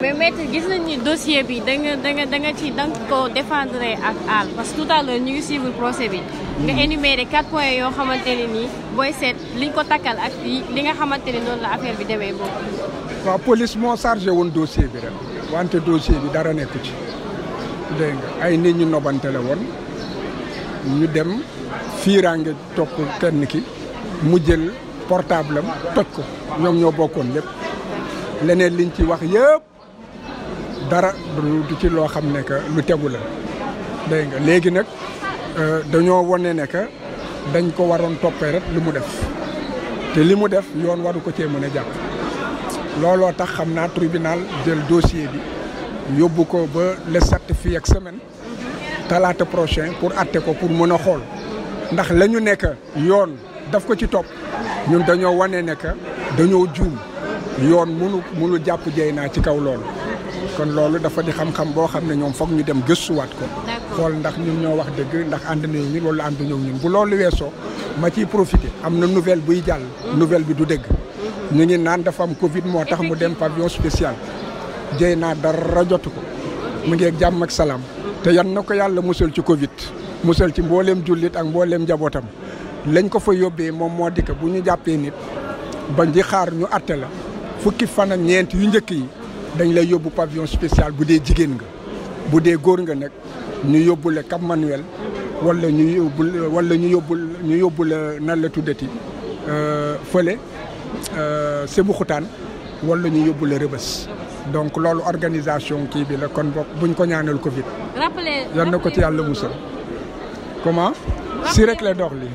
mais gis nañ ni bi da ci da ko défendre ak àll parce que tout ñu ngi suivre procès bi. nga mhm. énuméré yoo xamante ne booy seet liñ ko takkal ak li nga xamante ne noonu la affaire bi demee boobu. waaw police moo chargé woon dossier bi rek wante dossier bi dara nekku ci ay nit ñu nobante la woon ñu dem fiiraange topp kenn ki mu jël portable am toj ko ñoom ñoo bokkoon lépp leneen liñ ci wax yëpp. dara du ci loo xam ne que lu tegu la dégg nga léegi nag euh, dañoo wane ne que dañ ko waroon toppee rek li mu def te li mu def yoon waru ko cee mën a jàpp looloo tax xam naa tribinal jël dossier bi yóbbu ko ba les sept fii ak semaine talaata prochain pour atte ko pour mën a xool ndax lañu ñu nekk yoon daf ko ci topp ñun dañoo wane ne que dañoo juum yoon munu munu jàpp jey naa ci kaw loolu kon loolu dafa di xam-xam boo xam ne ñoom foog ñu dem gëstuwaat ko xool ndax ñun ñoo wax dëgg ndax ànd nañu ñun wala ànd ñëw ñun bu loolu weesoo ma ciy profité am na nouvelle buy jàll mm-hmm. nouvelle bi du dëgg mm-hmm. ñu ngi naan dafa am Covid moo tax mu dem pavillon spécial jëy naa dara jotu ko mu ngi ak jàmm salaam te yan na ko yàlla musal ci Covid musal ci mbooleem jullit ak mbooleem njabootam lañ ko fa yóbbee moom moo di ko bu ñu jàppee nit ba nji xaar ñu atte la fukki fan ak ñeent njëkk yi dañ lay yóbbu pavillon spécial bu dee jigéen nga bu dee góor nga nag ñu yóbbu la Cap Manuel walla ñu yóbbul wala ñu yóbbul ñu yóbbu la nan la tuddati euh, fële euh, Sébou Xutaan wala ñu yóbbu la Rëbës donc loolu organisation kii bi la kon buñ ko ñaanal Covid. rappelé yan na ko ci yàlla musal. comment. si rek la dox li